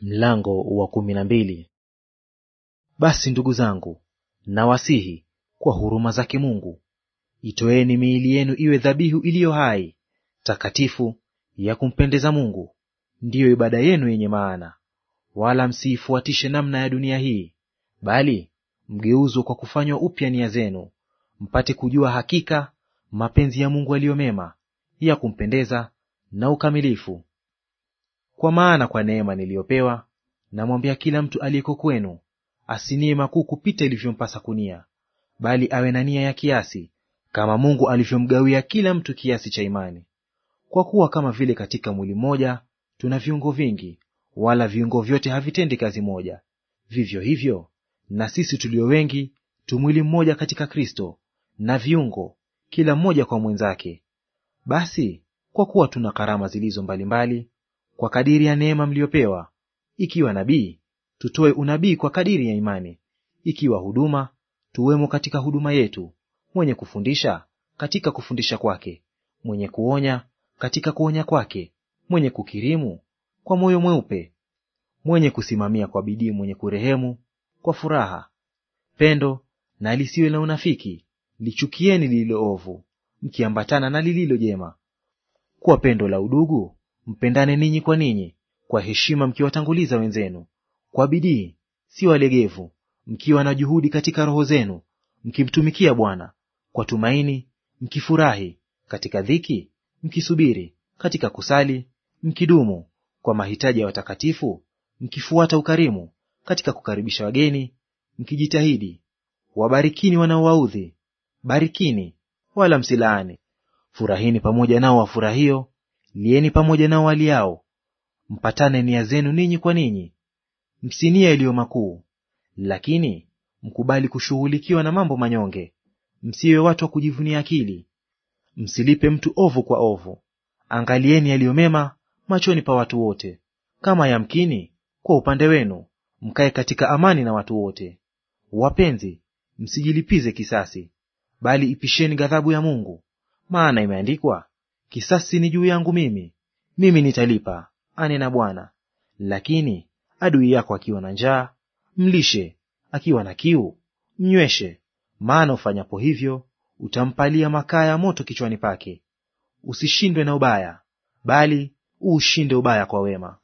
Mlango wa kumi na mbili. Basi ndugu zangu, nawasihi kwa huruma zake Mungu, itoeni miili yenu iwe dhabihu iliyo hai, takatifu, ya kumpendeza Mungu, ndiyo ibada yenu yenye maana. Wala msiifuatishe namna ya dunia hii, bali mgeuzwe kwa kufanywa upya nia zenu, mpate kujua hakika mapenzi ya Mungu aliyomema mema, ya kumpendeza na ukamilifu. Kwa maana kwa neema niliyopewa namwambia kila mtu aliyeko kwenu asinie makuu kupita ilivyompasa kunia, bali awe na nia ya kiasi, kama Mungu alivyomgawia kila mtu kiasi cha imani. Kwa kuwa kama vile katika mwili mmoja tuna viungo vingi, wala viungo vyote havitendi kazi moja, vivyo hivyo na sisi tulio wengi tu mwili mmoja katika Kristo, na viungo kila mmoja kwa mwenzake. Basi kwa kuwa tuna karama zilizo mbalimbali kwa kadiri ya neema mliyopewa; ikiwa nabii, tutoe unabii kwa kadiri ya imani; ikiwa huduma, tuwemo katika huduma yetu; mwenye kufundisha, katika kufundisha kwake; mwenye kuonya, katika kuonya kwake; mwenye kukirimu, kwa moyo mweupe; mwenye kusimamia kwa bidii; mwenye kurehemu, kwa furaha. Pendo na lisiwe la unafiki. Lichukieni lililo ovu, mkiambatana na lililo jema. Kwa pendo la udugu Mpendane ninyi kwa ninyi kwa heshima, mkiwatanguliza wenzenu kwa bidii, si walegevu, mkiwa na juhudi katika roho zenu, mkimtumikia Bwana kwa tumaini, mkifurahi katika dhiki, mkisubiri katika kusali, mkidumu kwa mahitaji ya watakatifu, mkifuata ukarimu katika kukaribisha wageni, mkijitahidi. Wabarikini wanaowaudhi, barikini wala msilaani. Furahini pamoja nao wafurahio, lieni pamoja na waliao, mpatane nia zenu ninyi kwa ninyi, msinia iliyo makuu, lakini mkubali kushughulikiwa na mambo manyonge. Msiwe watu wa kujivunia akili, msilipe mtu ovu kwa ovu. Angalieni yaliyo mema machoni pa watu wote. Kama yamkini kwa upande wenu, mkae katika amani na watu wote. Wapenzi, msijilipize kisasi, bali ipisheni ghadhabu ya Mungu, maana imeandikwa, Kisasi ni juu yangu mimi, mimi nitalipa, anena Bwana. Lakini adui yako akiwa na njaa mlishe, akiwa na kiu mnyweshe, maana ufanyapo hivyo utampalia makaa ya moto kichwani pake. Usishindwe na ubaya, bali uushinde ubaya kwa wema.